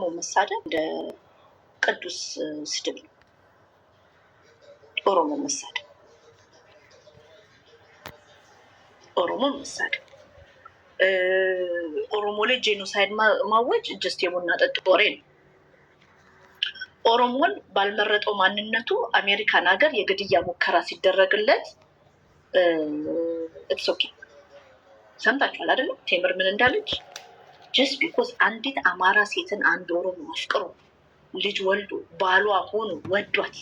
ቆሞ መሳደብ እንደ ቅዱስ ስድብ ነው። ኦሮሞ መሳደብ ኦሮሞ መሳደብ ኦሮሞ ላይ ጄኖሳይድ ማወጅ ጀስት የቡና ጠጥ ወሬ ነው። ኦሮሞን ባልመረጠው ማንነቱ አሜሪካን ሀገር የግድያ ሙከራ ሲደረግለት እትሶኪ ሰምታችኋል አይደለም? ቴምር ምን እንዳለች ጀስት ቢኮዝ አንዲት አማራ ሴትን አንድ ኦሮሞ አፍቅሮ ልጅ ወልዶ ባሏ ሆኖ ወዷት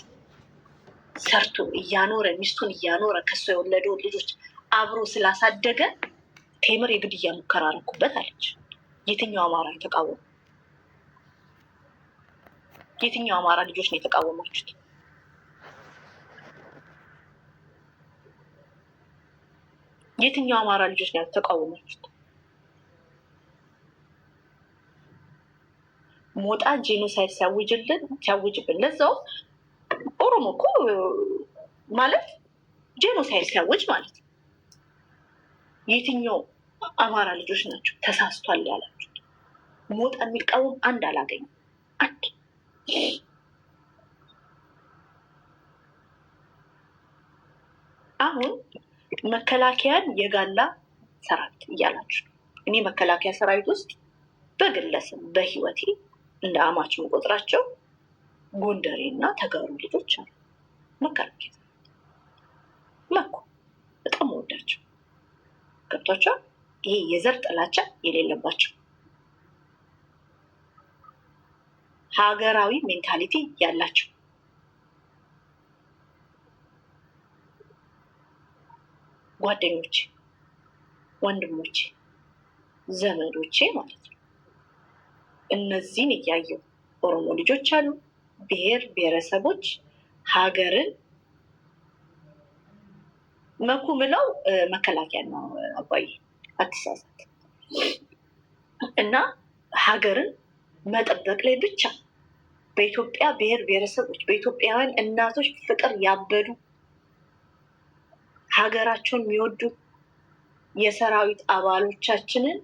ሰርቶ እያኖረ ሚስቱን እያኖረ ከሷ የወለደውን ልጆች አብሮ ስላሳደገ ቴምር የግድያ ሙከራ አደረኩበት አለች። የትኛው አማራ የተቃወሙ? የትኛው አማራ ልጆች ነው የተቃወማችሁት? የትኛው አማራ ልጆች ነው የተቃወማችሁት? ሞጣ ጄኖሳይድ ሲያውጅልን ሲያውጅብን ለዛው ኦሮሞ እኮ ማለት ጄኖሳይድ ሲያውጅ ማለት ነው። የትኛው አማራ ልጆች ናቸው ተሳስቷል ያላችሁ? ሞጣ የሚቃወም አንድ አላገኝም። አንድ አሁን መከላከያን የጋላ ሰራዊት እያላችሁ እኔ መከላከያ ሰራዊት ውስጥ በግለሰብ በህይወቴ እንደ አማች መቆጥራቸው ጎንደሬ እና ተጋሩ ልጆች አሉ። መከላከያ መኩ በጣም ወዳቸው ገብቷቸው ይሄ የዘር ጥላቻ የሌለባቸው ሀገራዊ ሜንታሊቲ ያላቸው ጓደኞቼ፣ ወንድሞቼ፣ ዘመዶቼ ማለት ነው። እነዚህን እያየው ኦሮሞ ልጆች አሉ፣ ብሔር ብሔረሰቦች ሀገርን መኩ ምለው መከላከያ ነው አባይ አትሳሳት። እና ሀገርን መጠበቅ ላይ ብቻ በኢትዮጵያ ብሔር ብሔረሰቦች በኢትዮጵያውያን እናቶች ፍቅር ያበዱ ሀገራቸውን የሚወዱ የሰራዊት አባሎቻችንን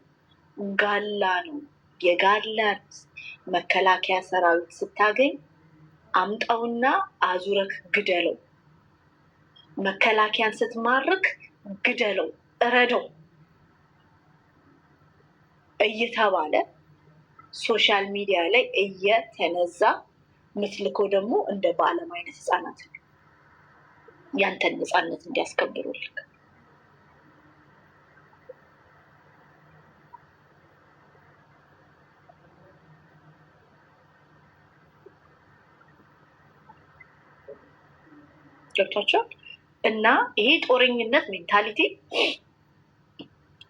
ጋላ ነው የጋላ መከላከያ ሰራዊት ስታገኝ አምጣውና አዙረክ ግደለው። መከላከያን ስትማርክ ግደለው፣ እረደው እየተባለ ሶሻል ሚዲያ ላይ እየተነዛ ምትልኮ ደግሞ እንደ በዓለም አይነት ህፃናት ያንተን ነፃነት እንዲያስከብሩልክ ገብቷቸው እና ይሄ ጦረኝነት ሜንታሊቲ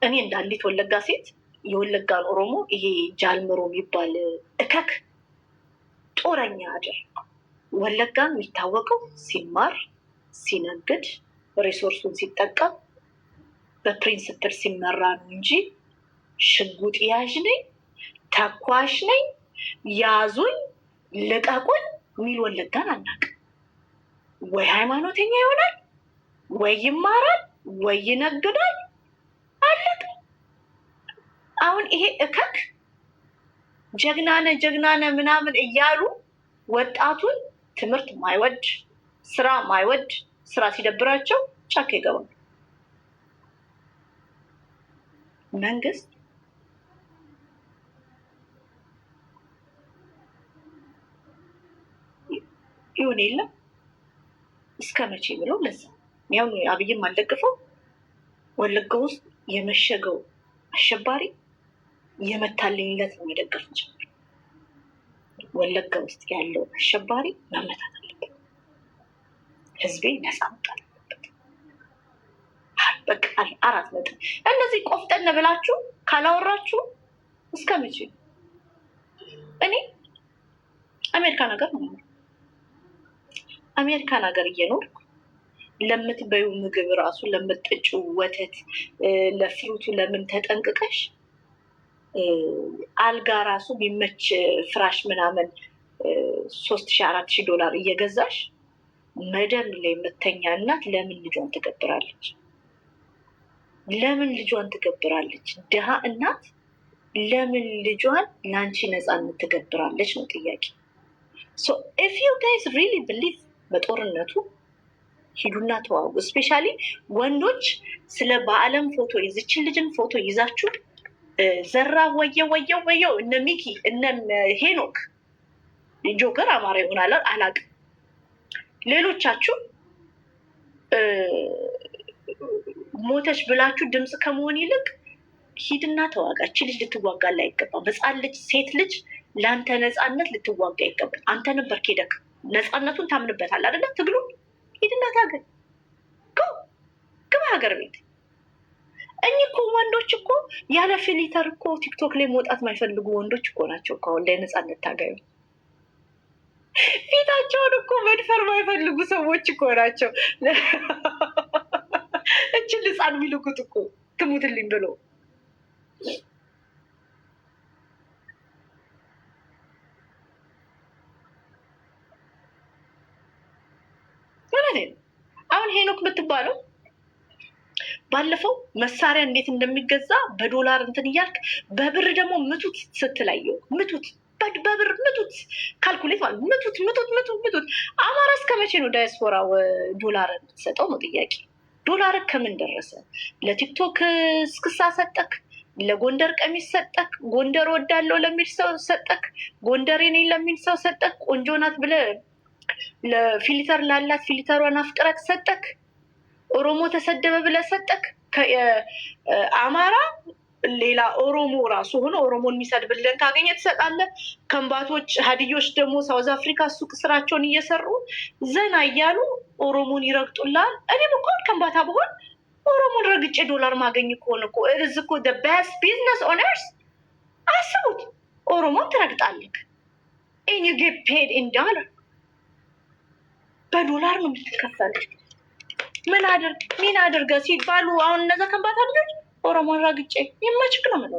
እኔ እንዳንዲት ወለጋ ሴት የወለጋን ኦሮሞ ይሄ ጃልመሮ የሚባል እከክ ጦረኛ አድር ወለጋ የሚታወቀው ሲማር ሲነግድ ሪሶርሱን ሲጠቀም በፕሪንስፕል ሲመራ ነው እንጂ ሽጉጥ ያዥ ነኝ ተኳሽ ነኝ ያዙኝ ልቀቁን የሚል ወለጋን አናውቅም። ወይ ሃይማኖተኛ ይሆናል፣ ወይ ይማራል፣ ወይ ይነግዳል። አለቅ አሁን ይሄ እከክ ጀግናነ ጀግናነ ምናምን እያሉ ወጣቱን ትምህርት ማይወድ ስራ ማይወድ ስራ ሲደብራቸው ጫካ ይገባል። መንግስት ይሁን የለም እስከ መቼ ብለው ለዛ ያው አብይም አልደግፈው ወለጋ ውስጥ የመሸገው አሸባሪ የመታለኝለት ነው መደገፍ ጀምር። ወለጋ ውስጥ ያለው አሸባሪ መመታት አለበት። ህዝቤ ነፃ መውጣት አለበት። በቃ አራት ነጥብ። እነዚህ ቆፍጠን ብላችሁ ካላወራችሁ እስከ መቼ? እኔ አሜሪካ ነገር ነው አሜሪካን ሀገር እየኖርኩ ለምትበዩ ምግብ ራሱ ለምትጠጪው ወተት፣ ለፍሩቱ ለምን ተጠንቅቀሽ አልጋ ራሱ ቢመች ፍራሽ ምናምን ሶስት ሺ አራት ሺ ዶላር እየገዛሽ መደም ላይ የምተኛ እናት ለምን ልጇን ትገብራለች? ለምን ልጇን ትገብራለች? ድሃ እናት ለምን ልጇን ለአንቺ ነፃነት ትገብራለች ነው ጥያቄ። ሶ ኢፍ ዩ ጋይስ ሪሊ ብሊቭ በጦርነቱ ሂዱና ተዋጉ። እስፔሻሊ ወንዶች ስለ በአለም ፎቶ የዚችን ልጅን ፎቶ ይዛችሁ ዘራ ወየው ወየው ወየው እነ ሚኪ እነ ሄኖክ ጆከር አማራ ይሆናል አላቅም። ሌሎቻችሁ ሞተች ብላችሁ ድምፅ ከመሆን ይልቅ ሂድና ተዋጋ። ተዋጋች ልጅ ልትዋጋ አይገባም። ህፃን ልጅ ሴት ልጅ ለአንተ ነፃነት ልትዋጋ ይገባል። አንተ ነበር ኬደክ ነፃነቱን ታምንበታል አደለ? ትግሉ ሂድና ታገል ግባ ሀገር ቤት እኚህ እኮ ወንዶች እኮ ያለ ፊሊተር እኮ ቲክቶክ ላይ መውጣት የማይፈልጉ ወንዶች እኮ ናቸው እኮ አሁን ላይ ነፃነት ታጋዩ ፊታቸውን እኮ መድፈር የማይፈልጉ ሰዎች እኮ ናቸው እችን ልፃን የሚልኩት እኮ ትሙትልኝ ብሎ ማለት ነው። አሁን ሄኖክ የምትባለው ባለፈው መሳሪያ እንዴት እንደሚገዛ በዶላር እንትን እያልክ በብር ደግሞ ምቱት ስትላየው ምቱት በብር ምቱት ካልኩሌት ማለት ምቱት ምቱት ምቱት ምቱት። አማራ እስከ መቼ ነው ዳያስፖራው ዶላር የምትሰጠው ነው ጥያቄ። ዶላር ከምን ደረሰ? ለቲክቶክ እስክሳ ሰጠክ፣ ለጎንደር ቀሚስ ሰጠክ፣ ጎንደር ወዳለው ለሚል ሰው ሰጠክ፣ ጎንደር ነኝ ለሚል ሰው ሰጠክ፣ ቆንጆ ናት ብለህ ለፊልተር ላላት ፊልተሯን አፍቅረክ ሰጠክ። ኦሮሞ ተሰደበ ብለህ ሰጠክ። አማራ ሌላ ኦሮሞ ራሱ ሆኖ ኦሮሞን የሚሰድብልን ካገኘ ትሰጣለህ። ከምባቶች ሀድዮች ደግሞ ሳውዝ አፍሪካ ሱቅ ስራቸውን እየሰሩ ዘና እያሉ ኦሮሞን ይረግጡላል። እኔም እኮ ከምባታ በሆን ኦሮሞን ረግጬ ዶላር ማገኝ ከሆነ እኮ ኢዝ እኮ ዘ ቤስት ቢዝነስ ኦነርስ አስቡት፣ ኦሮሞን ትረግጣለህ ኤንድ ዩ ጌት ፔድ ኢን ዶላር በዶላር ነው የምትከፈል። ምን አድርግ ምን አድርገ ሲባሉ አሁን እነዛ ከንባታ ብ ኦሮሞን ራግጬ የማችክ ነው ምለ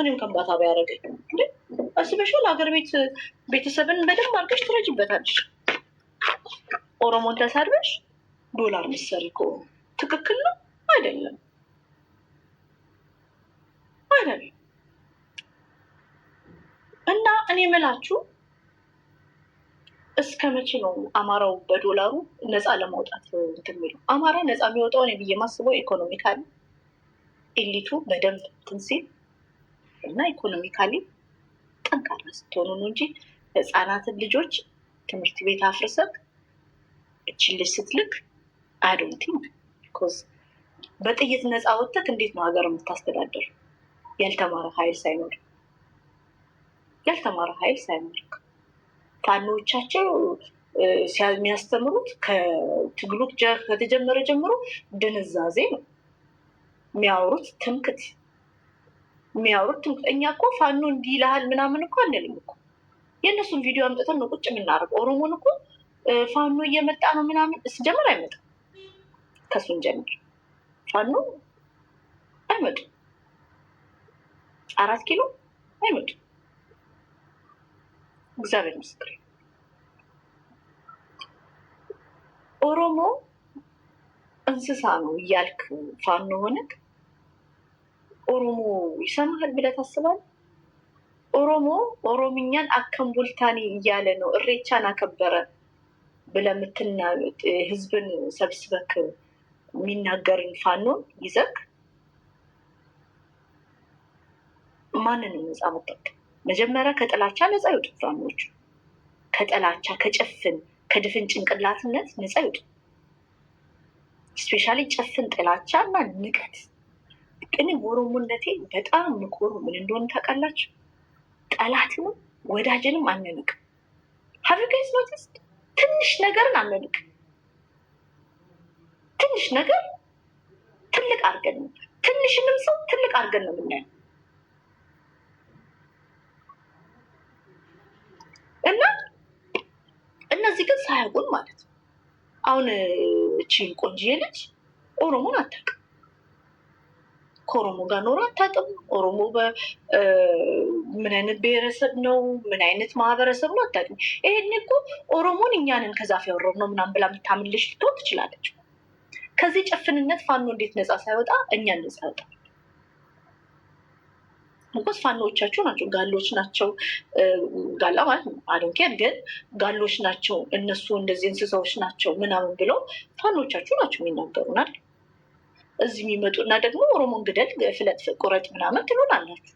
እኔም ከንባታ ባያደረገ አስበሽል ሀገር ቤት ቤተሰብን በደንብ አድርገሽ ትረጅበታለሽ። ኦሮሞን ተሳድበሽ ዶላር ምሰሪ ከሆኑ ትክክል ነው አይደለም? አይደለም እና እኔ ምላችሁ እስከ መቼ ነው አማራው በዶላሩ ነፃ ለማውጣት እንትን የሚለው? አማራ ነፃ የሚወጣው እኔ ብዬ የማስበው ኢኮኖሚካሊ ኢሊቱ በደንብ እንትን ሲል እና ኢኮኖሚካሊ ጠንካራ ስትሆኑ ነው እንጂ ህፃናትን ልጆች ትምህርት ቤት አፍርሰብ እችን ልጅ ስትልክ አዶንቲንግ ቢኮዝ በጥይት ነፃ ወጥተት እንዴት ነው ሀገር የምታስተዳደር? ያልተማረ ሀይል ሳይኖር ያልተማረ ሀይል ሳይኖር ፋኖቻቸው የሚያስተምሩት ከትግሉ ከተጀመረ ጀምሮ ድንዛዜ ነው የሚያወሩት፣ ትምክት የሚያወሩት ትምክት። እኛ እኮ ፋኖ እንዲህ ይልሃል ምናምን እኮ አንልም እኮ የእነሱን ቪዲዮ አምጥተን ነው ቁጭ የምናደርገው። ኦሮሞን እኮ ፋኖ እየመጣ ነው ምናምን ስጀምር አይመጣም። ከሱን ጀምር ፋኖ አይመጡም። አራት ኪሎ አይመጡም። እግዚአብሔር ምስክር ኦሮሞ እንስሳ ነው እያልክ ፋኖ ሆነክ ኦሮሞ ይሰማሃል ብለህ ታስባለህ? ኦሮሞ ኦሮምኛን አከምቡልታኔ እያለ ነው እሬቻን አከበረ ብለህ የምትና ህዝብን ሰብስበክ የሚናገርን ፋኖ ይዘክ ማንን ነፃ መጠቀም መጀመሪያ ከጥላቻ ነፃ ይውጡ ፍራሞች ከጥላቻ ከጭፍን ከድፍን ጭንቅላትነት ነፃ ይውጡ። ስፔሻሊ ጭፍን ጥላቻ እና ንቀት። እኔ ኦሮሞነቴ በጣም ንቆሮ ምን እንደሆነ ታውቃላችሁ? ጠላትንም ወዳጅንም አንንቅ። ሀቪጋይዝ ኖቲስ ትንሽ ነገርን አንንቅ። ትንሽ ነገር ትልቅ አድርገን ትንሽንም ሰው ትልቅ አድርገን ነው የምናየው። እና እነዚህ ግን ሳያውቁን ማለት ነው። አሁን እቺን ቆንጅዬ ልጅ ኦሮሞን አታውቅም። ከኦሮሞ ጋር ኖሮ አታውቅም። ኦሮሞ ምን አይነት ብሔረሰብ ነው፣ ምን አይነት ማህበረሰብ ነው አታውቅም። ይሄን እኮ ኦሮሞን እኛንን ከዛፍ ያወረብ ነው ምናምን ብላ የምታምልሽ ልትሆን ትችላለች። ከዚህ ጨፍንነት ፋኖ እንዴት ነፃ ሳይወጣ እኛን ነፃ ያወጣል? ሙኮስ ፋኖዎቻችሁ ናቸው፣ ጋሎች ናቸው። ጋላ ማለት አዶንኬር ግን ጋሎች ናቸው እነሱ እንደዚህ እንስሳዎች ናቸው ምናምን ብለው ፋኖቻቸው ናቸው የሚናገሩናል። እዚህ የሚመጡ እና ደግሞ ኦሮሞን ግደል፣ ፍለጥ፣ ቁረጥ ምናምን ትሉናላችሁ።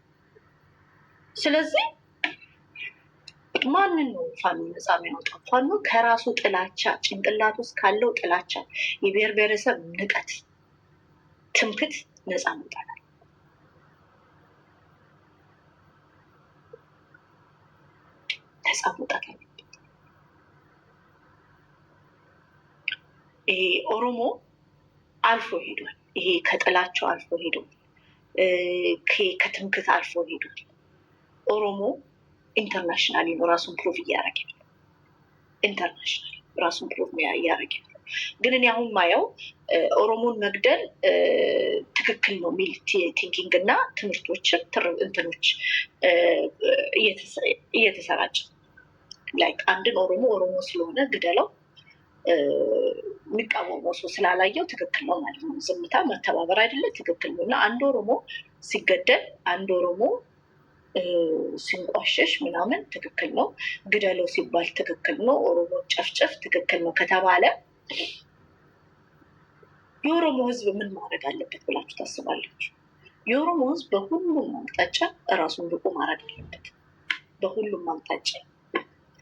ስለዚህ ማንን ነው ፋኖ ነፃ የሚያወጣው? ፋኖ ከራሱ ጥላቻ፣ ጭንቅላት ውስጥ ካለው ጥላቻ፣ የብሔር ብሔረሰብ ንቀት፣ ትምክት ነፃ መውጣናል። ነፃ መውጣት አለብን። ይሄ ኦሮሞ አልፎ ሄዷል። ይሄ ከጥላቸው አልፎ ሄዷል። ከትምክት አልፎ ሄዷል። ኦሮሞ ኢንተርናሽናል ነው ራሱን ፕሩቭ እያደረገ ኢንተርናሽናል ራሱን ፕሩቭ እያደረገ ግን እኔ አሁን ማየው ኦሮሞን መግደል ትክክል ነው የሚል ቲንኪንግ እና ትምህርቶችን እንትኖች እየተሰራጭ ላይክ አንድን ኦሮሞ ኦሮሞ ስለሆነ ግደለው የሚቃወመው ሰው ስላላየው ትክክል ነው ማለት ነው። ዝምታ መተባበር አይደለ ትክክል ነው እና አንድ ኦሮሞ ሲገደል አንድ ኦሮሞ ሲንቋሸሽ ምናምን ትክክል ነው። ግደለው ሲባል ትክክል ነው። ኦሮሞ ጨፍጨፍ ትክክል ነው ከተባለ የኦሮሞ ሕዝብ ምን ማድረግ አለበት ብላችሁ ታስባለች? የኦሮሞ ሕዝብ በሁሉም አቅጣጫ እራሱን ብቁ ማድረግ አለበት። በሁሉም አቅጣጫ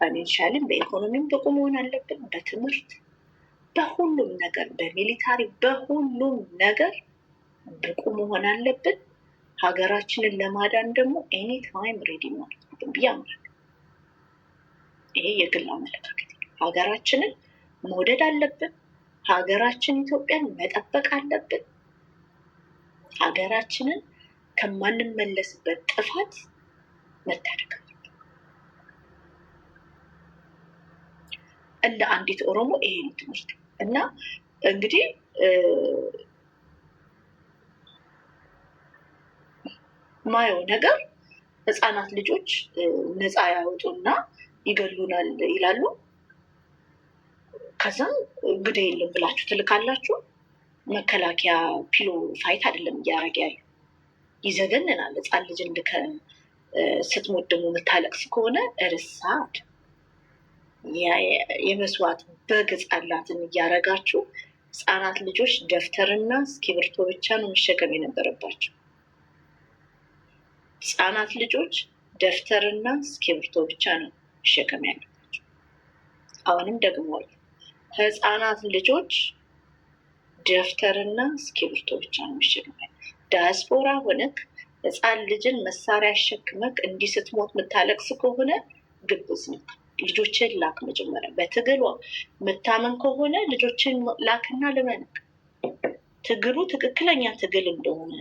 በፋይናንሻልም በኢኮኖሚም ብቁ መሆን አለብን። በትምህርት በሁሉም ነገር በሚሊታሪ በሁሉም ነገር ብቁ መሆን አለብን። ሀገራችንን ለማዳን ደግሞ ኤኒ ታይም ሬዲ ማለት ነው ይሄ የግል አመለካከት። ሀገራችንን መውደድ አለብን። ሀገራችን ኢትዮጵያን መጠበቅ አለብን። ሀገራችንን ከማንመለስበት ጥፋት መታደግ እንደ አንዲት ኦሮሞ ይሄ ነው ትምህርት እና እንግዲህ ማየው ነገር ህፃናት ልጆች ነፃ ያወጡና ይገሉናል ይላሉ። ከዛም ግድ የለም ብላችሁ ትልካላችሁ። መከላከያ ፒሎ ፋይት አይደለም እያደረገ ያለ ይዘገንናል። ህፃን ልጅ ልከ ስትሞት ደግሞ የምታለቅስ ከሆነ እርሳድ የመስዋዕት በገጽ አላትን እያረጋችሁ ህጻናት ልጆች ደብተርና እስክሪብቶ ብቻ ነው መሸከም የነበረባቸው። ህጻናት ልጆች ደብተርና እስክሪብቶ ብቻ ነው መሸከም ያለባቸው። አሁንም ደግሞ ህጻናት ልጆች ደብተርና እስክሪብቶ ብቻ ነው መሸከም ያለ ዳያስፖራ ሆነክ ህፃን ልጅን መሳሪያ አሸክመክ እንዲህ ስትሞት የምታለቅስ ከሆነ ግብዝ ነው። ልጆችን ላክ። መጀመሪያ በትግሉ ምታመን ከሆነ ልጆችን ላክና ልመንክ ትግሉ ትክክለኛ ትግል እንደሆነ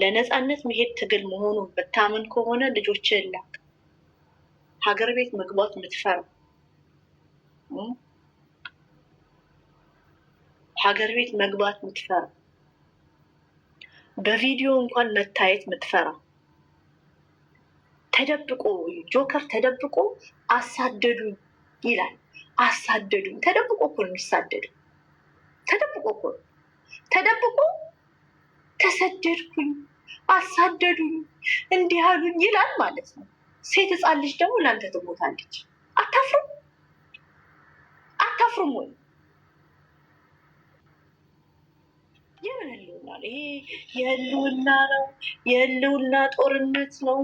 ለነፃነት መሄድ ትግል መሆኑን የምታምን ከሆነ ልጆችን ላክ። ሀገር ቤት መግባት የምትፈራ ሀገር ቤት መግባት የምትፈራ በቪዲዮ እንኳን መታየት የምትፈራ ተደብቆ ጆከር ተደብቆ አሳደዱ ይላል። አሳደዱ ተደብቆ እኮ ነው የሚሳደዱ። ተደብቆ እኮ ተደብቆ ተሰደድኩኝ፣ አሳደዱኝ፣ እንዲህ አሉኝ ይላል ማለት ነው። ሴት ሕፃን ልጅ ደግሞ ለአንተ ትሞታለች። አታፍሩም? አታፍሩም ወይ? ይሆናል። ይሄ የህልውና ነው፣ የህልውና ጦርነት ነው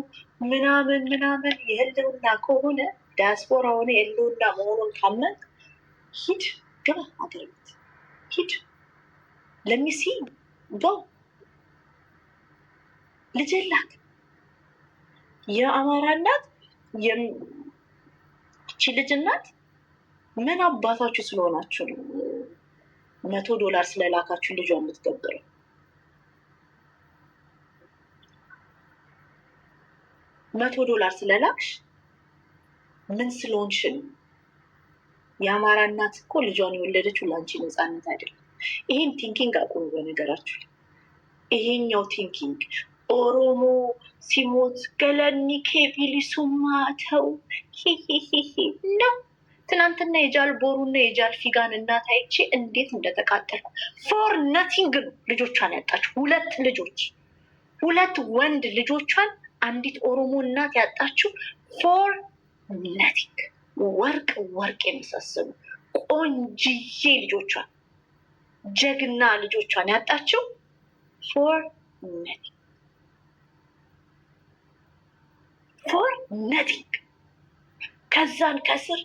ምናምን ምናምን። የህልውና ከሆነ ዲያስፖራ ሆነ የህልውና መሆኑን ካመንክ ሂድ፣ ግን አገር ሂድ፣ ለሚሲ ጋ ልጀላት የአማራ እናት ልጅ እናት ምን አባታችሁ ስለሆናችሁ ነው መቶ ዶላር ስለላካችሁ ልጇ የምትገብረው? መቶ ዶላር ስለላክሽ ምን ስለሆንሽ የአማራ እናት እኮ ልጇን የወለደችው ለአንቺ ነፃነት አይደለም። ይሄን ቲንኪንግ አቁሙ። በነገራችሁ ይሄኛው ቲንኪንግ ኦሮሞ ሲሞት ገለኒ ኬቢሊሱማ ሱማተው ነው። ትናንትና የጃል ቦሩና የጃል ፊጋን እናት አይቼ እንዴት እንደተቃጠልኩ። ፎር ነቲንግ ነው ልጆቿን ያጣችው። ሁለት ልጆች ሁለት ወንድ ልጆቿን አንዲት ኦሮሞ እናት ያጣችው ፎር ነቲንግ ወርቅ ወርቅ የመሳሰሉ ቆንጅዬ ልጆቿን ጀግና ልጆቿን ያጣችው ፎር ነቲንግ ፎር ነቲክ ከዛን ከስር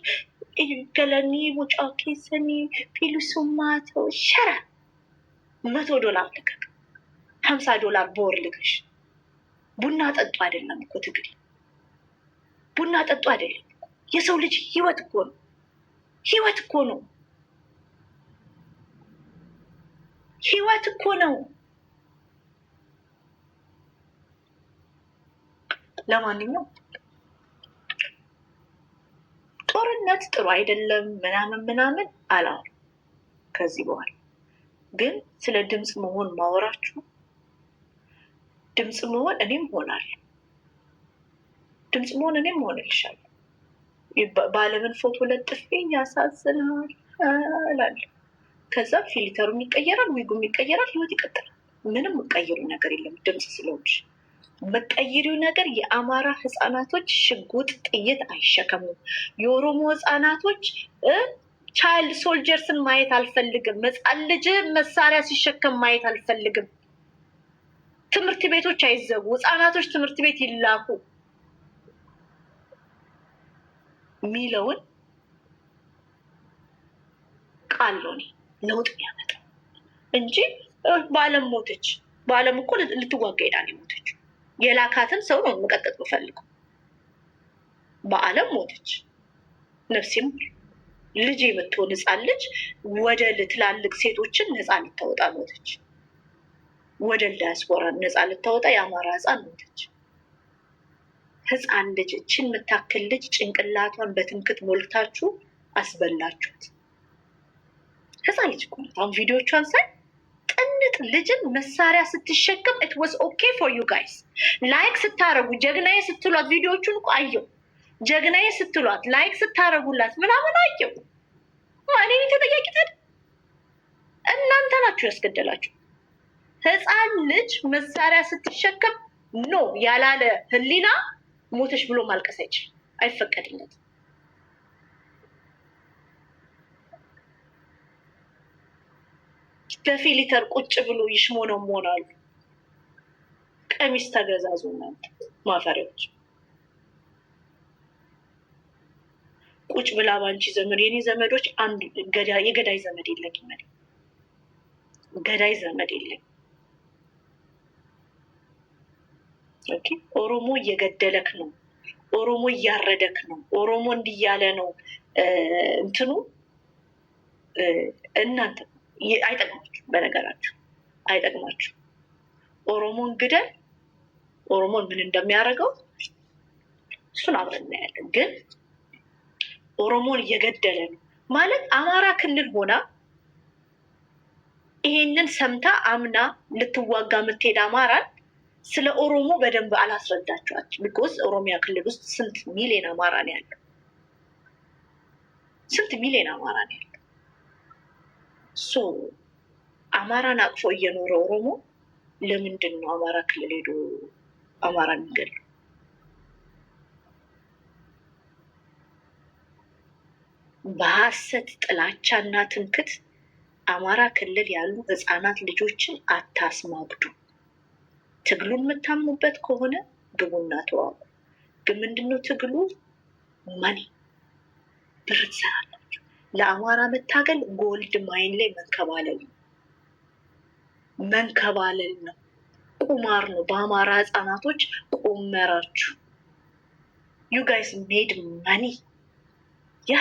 ገለኒ ቡጫ ኬሰኒ ፊሉሱማቶ ሸረ መቶ ዶላር ልቀቅ፣ ሀምሳ ዶላር በወር ልከሽ ቡና ጠጡ አይደለም እኮ ትግል፣ ቡና ጠጡ አይደለም። የሰው ልጅ ህይወት እኮ ነው፣ ህይወት እኮ ነው፣ ህይወት እኮ ነው። ለማንኛውም ጦርነት ጥሩ አይደለም ምናምን ምናምን አላወራም ከዚህ በኋላ ግን ስለ ድምፅ መሆን ማወራችሁ ድምፅ መሆን እኔም ሆናል ድምፅ መሆን እኔም መሆን እልሻለሁ። በአለምን ፎቶ ለጥፌኝ ያሳዝናል እላለሁ። ከዛ ፊልተሩ ይቀየራል፣ ዊጉም ይቀየራል፣ ህይወት ይቀጥላል። ምንም የምትቀይሩ ነገር የለም። ድምፅ ስለሆንሽ የምትቀይሪው ነገር የአማራ ህፃናቶች ሽጉጥ ጥይት አይሸከሙም። የኦሮሞ ህፃናቶች ቻይልድ ሶልጀርስን ማየት አልፈልግም። ህፃን ልጅ መሳሪያ ሲሸከም ማየት አልፈልግም። ትምህርት ቤቶች አይዘጉ፣ ህፃናቶች ትምህርት ቤት ይላኩ የሚለውን ቃል ነው ለውጥ ያመጣ እንጂ በአለም ሞተች። በአለም እኮ ልትዋጋ ሄዳ ነው የሞተች። የላካትን ሰው ነው መቀጠጥ ብፈልገው በአለም ሞተች። ነፍሴም ልጅ የምትሆን ህፃን ልጅ ወደ ትላልቅ ሴቶችን ነፃ ልታወጣ ሞተች። ወደ ዳያስፖራ ነፃ ልታወጣ የአማራ ህፃን ሞተች። ህፃን ልጅ እችን የምታክል ልጅ ጭንቅላቷን በትምክት ሞልታችሁ አስበላችሁት። ህፃን ልጅ እኮ ቪዲዮቿን ሳይ ጥንጥ ልጅን መሳሪያ ስትሸከም ኢት ዋዝ ኦኬ ፎር ዩ ጋይስ ላይክ ስታረጉ ጀግናዬ ስትሏት ቪዲዮቹን እኮ አየው። ጀግናዬ ስትሏት ላይክ ስታረጉላት ምናምን አየው። እኔ ተጠያቂ እናንተ ናችሁ ያስገደላችሁ። ህፃን ልጅ መሳሪያ ስትሸከም ኖ ያላለ ህሊና ሞተሽ ብሎ ማልቀሰች አይችል፣ አይፈቀድለት። በፊሊተር ቁጭ ብሎ ይሽሞነሞን አሉ። ቀሚስ ተገዛዙ እናንተ ማፈሪያዎች። ቁጭ ብላ ባንቺ ዘመድ የኔ ዘመዶች አንድ የገዳይ ዘመድ የለኝ ገዳይ ዘመድ የለኝ ኦሮሞ እየገደለክ ነው፣ ኦሮሞ እያረደክ ነው፣ ኦሮሞ እንዲያለ ነው እንትኑ እናንተ አይጠቅማችሁ፣ በነገራችሁ አይጠቅማችሁ። ኦሮሞን ግደል፣ ኦሮሞን ምን እንደሚያደርገው እሱን አብረን እናያለን። ግን ኦሮሞን እየገደለ ነው ማለት አማራ ክልል ሆና ይሄንን ሰምታ አምና ልትዋጋ የምትሄድ አማራን ስለ ኦሮሞ በደንብ አላስረዳቸዋቸ ቢኮዝ ኦሮሚያ ክልል ውስጥ ስንት ሚሊዮን አማራ ነው ያለው? ስንት ሚሊዮን አማራ ነው ያለው? ሶ አማራን አቅፎ እየኖረ ኦሮሞ ለምንድን ነው አማራ ክልል ሄዶ አማራ የሚገል በሀሰት ጥላቻና ትምክት አማራ ክልል ያሉ ህፃናት ልጆችን አታስማግዱ። ትግሉን የምታምኑበት ከሆነ ግቡና ተዋጉ። ግን ምንድነው ትግሉ? መኒ ብር ትሰራላችሁ። ለአማራ መታገል ጎልድ ማይን ላይ መንከባለል ነው፣ መንከባለል ነው፣ ቁማር ነው። በአማራ ህፃናቶች ቆመራችሁ። ዩ ጋይስ ሜድ መኒ ያ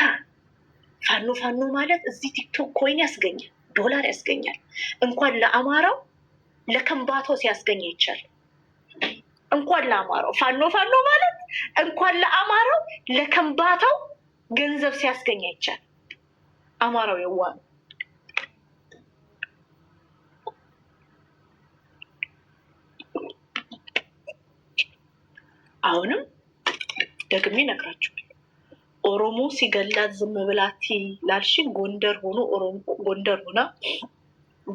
ፋኖ ፋኖ ማለት እዚህ ቲክቶክ ኮይን ያስገኛል፣ ዶላር ያስገኛል። እንኳን ለአማራው ለከምባቶ ሲያስገኝ ይቻል እንኳን ለአማራው ፋኖ ፋኖ ማለት እንኳን ለአማራው ለከምባታው ገንዘብ ሲያስገኝ ይቻል። አማራው የዋ ነው። አሁንም ደግሜ ነግራችኋል። ኦሮሞ ሲገላት ዝም ብላት ላልሽን ጎንደር ሆኖ ጎንደር ሆና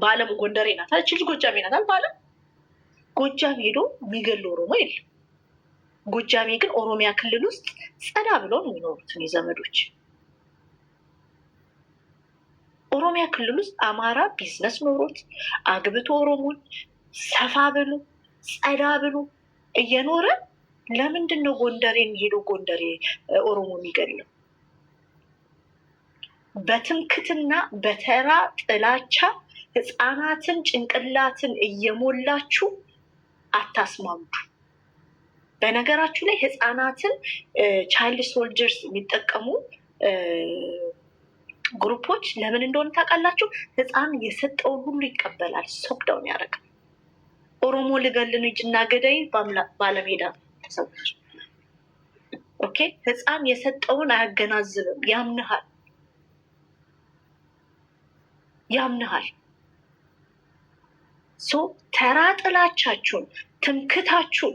በአለም ጎንደሬ ናት እች ልጅ ጎጃሜ ናት። በአለም ጎጃም ሄዶ የሚገል ኦሮሞ የለም። ጎጃሜ ግን ኦሮሚያ ክልል ውስጥ ጸዳ ብለው ነው የሚኖሩት ዘመዶች። ኦሮሚያ ክልል ውስጥ አማራ ቢዝነስ ኖሮት አግብቶ ኦሮሞን ሰፋ ብሎ ጸዳ ብሎ እየኖረ ለምንድን ነው ጎንደሬ ሄዶ ጎንደሬ ኦሮሞ የሚገለው? በትምክትና በተራ ጥላቻ ህፃናትን ጭንቅላትን እየሞላችሁ አታስማምዱ። በነገራችሁ ላይ ህፃናትን ቻይልድ ሶልጀርስ የሚጠቀሙ ግሩፖች ለምን እንደሆነ ታውቃላችሁ? ህፃን የሰጠውን ሁሉ ይቀበላል፣ ሶክዳውን ያደርጋል። ኦሮሞ ልገልን እጅና ገዳይ ባለሜዳ ሰዎች ኦኬ። ህፃን የሰጠውን አያገናዝብም፣ ያምንሃል ያምንሃል ተራ ጥላቻችሁን ትምክታችሁ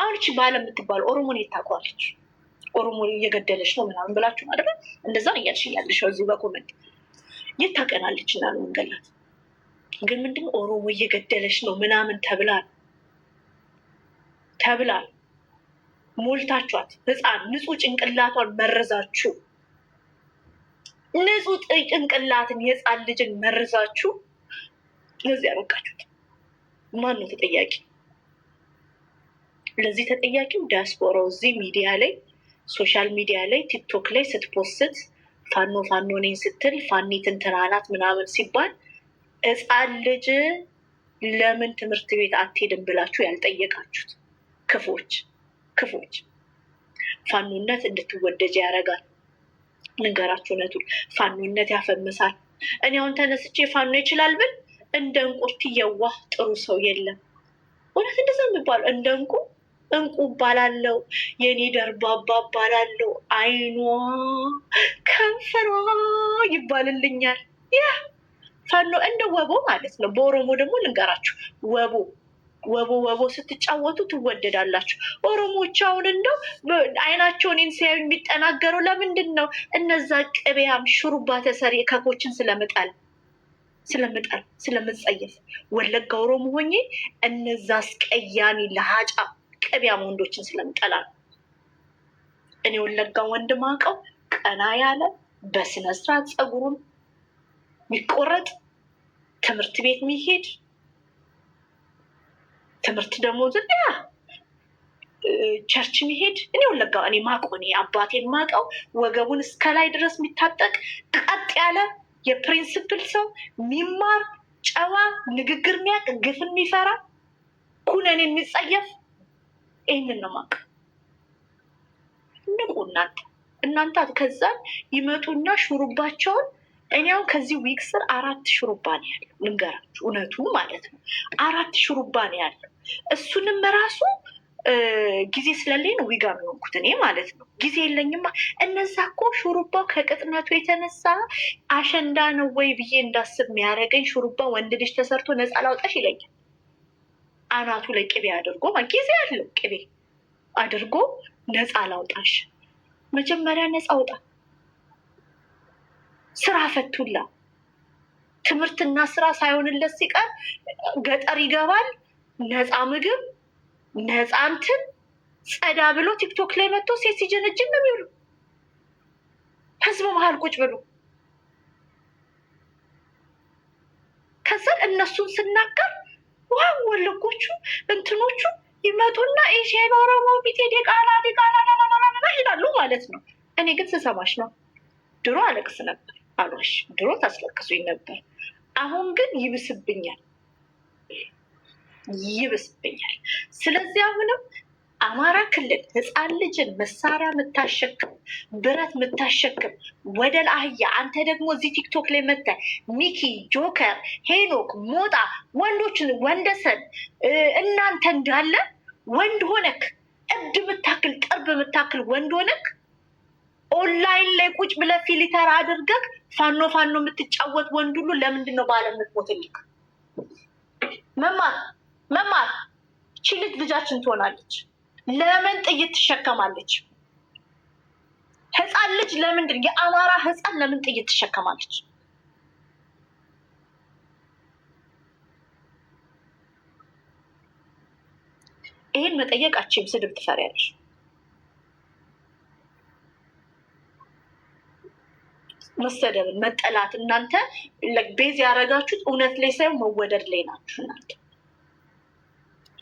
አሁን እቺ በዓለም የምትባል ኦሮሞን የታውቀዋለች ኦሮሞን እየገደለች ነው ምናምን ብላችሁ አደለ? እንደዛ እያልሽ ያለሽ እዚህ በኮመንት የታቀናለች እና ነው መንገላት። ግን ምንድን ኦሮሞ እየገደለች ነው ምናምን ተብላል ተብላል። ሞልታችኋት ህፃን ንጹህ ጭንቅላቷን መረዛችሁ ንጹህ ጭንቅላትን የህፃን ልጅን መርዛችሁ ለዚህ ያበቃችሁት ማን ነው ተጠያቂ? ለዚህ ተጠያቂው ዲያስፖራው እዚህ ሚዲያ ላይ ሶሻል ሚዲያ ላይ ቲክቶክ ላይ ስትፖስት ፋኖ ፋኖ ነኝ ስትል ፋኒት እንትና ምናምን ሲባል ሕፃን ልጅ ለምን ትምህርት ቤት አትሄድም ብላችሁ ያልጠየቃችሁት ክፎች ክፎች ፋኖነት እንድትወደጅ ያደርጋል። ንገራችሁ እውነቱን ፋኖነት ያፈምሳል። እኔ አሁን ተነስቼ ፋኖ ይችላል ብል እንደ እንቁርት የዋህ ጥሩ ሰው የለም። እውነት እንደዛ የሚባለው እንደ እንቁ እንቁ ባላለው የኔ ደርባባ ባላለው አይኗ ከንፈሯ ይባልልኛል። ያ ፈኖ እንደ ወቦ ማለት ነው። በኦሮሞ ደግሞ ልንገራችሁ ወቦ ወቦ ወቦ ስትጫወቱ ትወደዳላችሁ። ኦሮሞች አሁን እንደው አይናቸውን እኔን ሲያዩ የሚጠናገረው ለምንድን ነው? እነዛ ቅቤያም ሹሩባ ተሰሪ ከኮችን ስለምጣል ስለምጠር ስለምጸየፍ ወለጋ ኦሮሞ ሆኜ እነዛ አስቀያሚ ለሀጫ ቅቢያም ወንዶችን ስለምጠላ ነው። እኔ ወለጋ ወንድ ማውቀው ቀና ያለ በስነ ስርዓት ፀጉሩን የሚቆረጥ ትምህርት ቤት የሚሄድ ትምህርት ደግሞ ዝያ ቸርች የሚሄድ እኔ ወለጋ እኔ ማቆ እኔ አባቴን ማቀው ወገቡን እስከላይ ድረስ የሚታጠቅ ቀጥ ያለ የፕሪንስፕል ሰው ሚማር ጨዋ ንግግር ሚያቅ ግፍ የሚፈራ ኩነን የሚጸየፍ ይህንን ነው ማቅ ንቁ እናንተ እናንተ ከዛን ይመጡና ሹሩባቸውን እኔ አሁን ከዚህ ዊግ ስር አራት ሹሩባ ነው ያለው። ልንገራችሁ እውነቱ ማለት ነው። አራት ሹሩባ ነው ያለው። እሱንም ራሱ ጊዜ ስለሌን ዊጋ የሚሆንኩት እኔ ማለት ነው። ጊዜ የለኝማ። እነዛ እኮ ሹሩባው ከቅጥነቱ የተነሳ አሸንዳ ነው ወይ ብዬ እንዳስብ የሚያደርገኝ ሹሩባ ወንድ ልጅ ተሰርቶ ነፃ ላውጣሽ ይለኛል። አናቱ ላይ ቅቤ አድርጎ ጊዜ አለው ቅቤ አድርጎ ነፃ ላውጣሽ፣ መጀመሪያ ነፃ አውጣ። ስራ ፈቱላ ትምህርትና ስራ ሳይሆንለት ሲቀር ገጠር ይገባል ነፃ ምግብ ነፃንትን ጸዳ ብሎ ቲክቶክ ላይ መጥቶ ሴት ሲጀነጅን ነው የሚውሉ። ህዝቡ መሀል ቁጭ ብሎ ከዛ እነሱን ስናገር ዋው ወለጎቹ እንትኖቹ ይመጡና ኤሽን ኦሮሞ ቢቴ ዴቃላ ዴቃላ ይላሉ ማለት ነው። እኔ ግን ስሰማሽ ነው። ድሮ አለቅስ ነበር አሏሽ፣ ድሮ ታስለቅሱኝ ነበር። አሁን ግን ይብስብኛል። ይብስብኛል። ስለዚህ አሁንም አማራ ክልል ህፃን ልጅን መሳሪያ የምታሸክም ብረት የምታሸክም ወደ አህያ፣ አንተ ደግሞ እዚህ ቲክቶክ ላይ መተ ሚኪ፣ ጆከር፣ ሄኖክ፣ ሞጣ ወንዶችን ወንደሰን እናንተ እንዳለ ወንድ ሆነክ እብድ የምታክል ቅርብ የምታክል ወንድ ሆነክ ኦንላይን ላይ ቁጭ ብለ ፊሊተር አድርገክ ፋኖ ፋኖ የምትጫወት ወንድ ሁሉ ለምንድን ነው በዓለም የምትሞትልክ መማር መማር ችልት ልጃችን ትሆናለች። ለምን ጥይት ትሸከማለች? ህፃን ልጅ ለምንድን የአማራ ህፃን ለምን ጥይት ትሸከማለች? ይህን መጠየቃችን ስድብ ትፈሪያለሽ። መሰደብን፣ መጠላት እናንተ ቤዝ ያደረጋችሁት እውነት ላይ ሳይሆን መወደድ ላይ ናችሁ እናንተ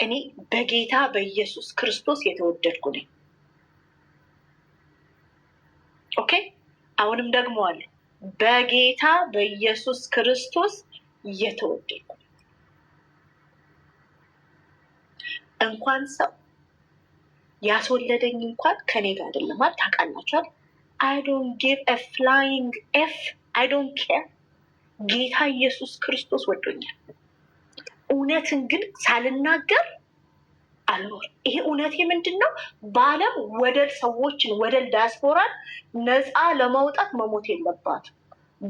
እኔ በጌታ በኢየሱስ ክርስቶስ የተወደድኩ ነኝ። ኦኬ። አሁንም ደግሞ አለ በጌታ በኢየሱስ ክርስቶስ የተወደድኩ እንኳን ሰው ያስወለደኝ እንኳን ከኔ ጋር አይደለም። ታውቃላችኋል። አይ ዶንት ጊቭ ፍላይንግ ኤፍ አይ ዶንት ኬር ጌታ ኢየሱስ ክርስቶስ ወዶኛል። እውነትን ግን ሳልናገር አልኖር። ይሄ እውነት ምንድን ነው? በዓለም ወደል ሰዎችን ወደል ዳያስፖራን ነፃ ለማውጣት መሞት የለባትም።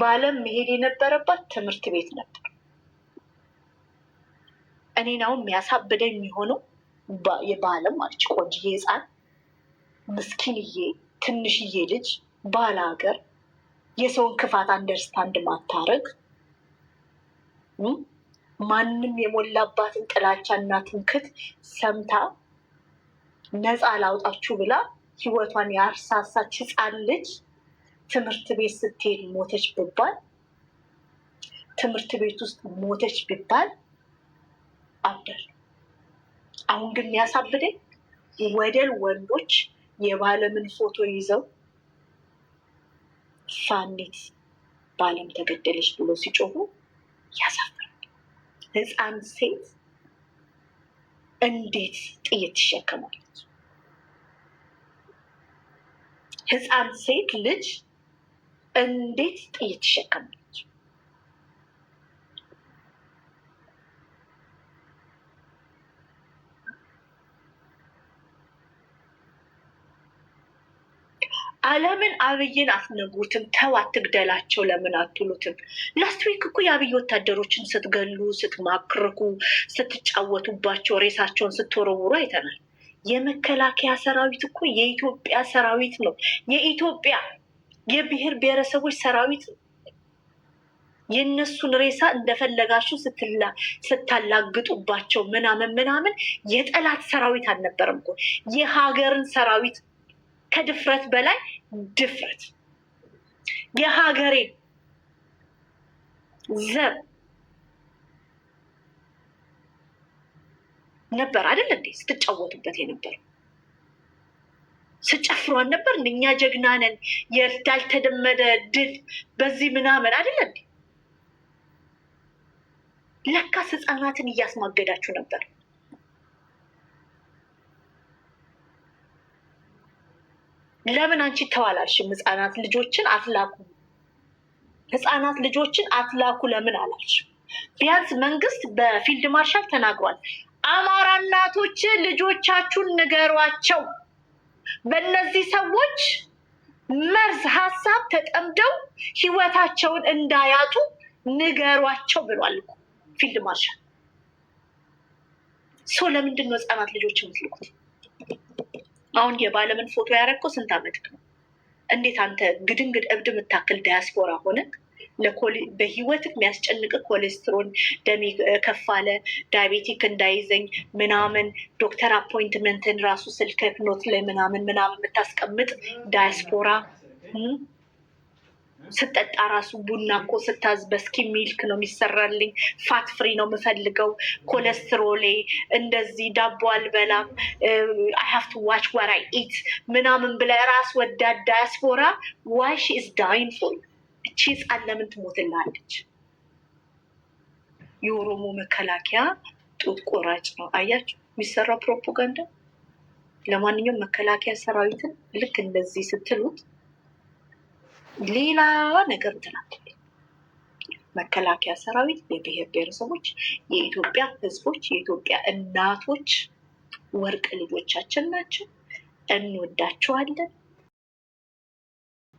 በዓለም መሄድ የነበረባት ትምህርት ቤት ነበር። እኔ አሁን የሚያሳብደኝ የሚሆነው የበዓለም ማለች ቆንጅዬ ሕፃን ምስኪንዬ ትንሽዬ ልጅ ባለ ሀገር የሰውን ክፋት አንደርስታንድ ማታረግ ማንም የሞላባትን ጥላቻ እና ትንክት ሰምታ ነፃ ላውጣችሁ ብላ ህይወቷን የአርሳሳች ህፃን ልጅ ትምህርት ቤት ስትሄድ ሞተች ቢባል ትምህርት ቤት ውስጥ ሞተች ቢባል አብደል። አሁን ግን የሚያሳብደኝ ወደል ወንዶች የባለምን ፎቶ ይዘው ፋኒት ባለም ተገደለች ብሎ ሲጮሁ ያሳብ ህፃን ሴት እንዴት ጥይት ትሸከማለች? ህፃን ሴት ልጅ እንዴት ጥይት ትሸከማለች? አለምን አብይን አትነግሩትም? ተው አትግደላቸው ለምን አትሉትም? ላስት ዊክ እኮ የአብይ ወታደሮችን ስትገሉ፣ ስትማክርኩ፣ ስትጫወቱባቸው፣ ሬሳቸውን ስትወረውሩ አይተናል። የመከላከያ ሰራዊት እኮ የኢትዮጵያ ሰራዊት ነው። የኢትዮጵያ የብሔር ብሔረሰቦች ሰራዊት ነው። የእነሱን ሬሳ እንደፈለጋችሁ ስታላግጡባቸው ምናምን ምናምን የጠላት ሰራዊት አልነበረም እኮ የሀገርን ሰራዊት ከድፍረት በላይ ድፍረት የሀገሬ ዘብ ነበር አይደል እንዴ? ስትጫወቱበት የነበር ስጨፍሯን ነበር። እኛ ጀግና ነን፣ ያልተደመደ ድል በዚህ ምናምን አይደል እንዴ? ለካስ ህፃናትን እያስማገዳችሁ ነበር። ለምን አንቺ ተዋላልሽም? ህፃናት ልጆችን አትላኩ፣ ህፃናት ልጆችን አትላኩ ለምን አላልሽም? ቢያንስ መንግስት በፊልድ ማርሻል ተናግሯል። አማራ እናቶች ልጆቻችሁን ንገሯቸው፣ በእነዚህ ሰዎች መርዝ ሀሳብ ተጠምደው ህይወታቸውን እንዳያጡ ንገሯቸው ብሏል ፊልድ ማርሻል። ሶ ለምንድን ነው ህፃናት ልጆች የምትልኩት? አሁን የባለምን ፎቶ ያደረገው ስንት ዓመት ነው? እንዴት አንተ ግድንግድ እብድ የምታክል ዳያስፖራ ሆነ በህይወት የሚያስጨንቅ ኮሌስትሮል ደሜ ከፋለ ዳያቤቲክ እንዳይዘኝ ምናምን ዶክተር አፖይንትመንትን ራሱ ስልክ ኖት ላይ ምናምን ምናምን የምታስቀምጥ ዳያስፖራ ስጠጣ ራሱ ቡና እኮ ስታዝ በስኪ ሚልክ ነው የሚሰራልኝ። ፋት ፍሪ ነው የምፈልገው። ኮለስትሮሌ እንደዚህ ዳቦ አልበላም። አይ ሀቭ ቱ ዋች ዋት አይ ኢት ምናምን ብለ ራስ ወዳድ ዳያስፖራ ዋይ ሺ ኢዝ ዳይን ፎር እቺ ህፃን ለምን ትሞትላለች? የኦሮሞ መከላከያ ጡት ቆራጭ ነው። አያችሁ የሚሰራው ፕሮፓጋንዳ። ለማንኛውም መከላከያ ሰራዊትን ልክ እንደዚህ ስትሉት ሌላ ነገር ትላለች። መከላከያ ሰራዊት የብሔር ብሔረሰቦች፣ የኢትዮጵያ ህዝቦች የኢትዮጵያ እናቶች ወርቅ ልጆቻችን ናቸው። እንወዳቸዋለን።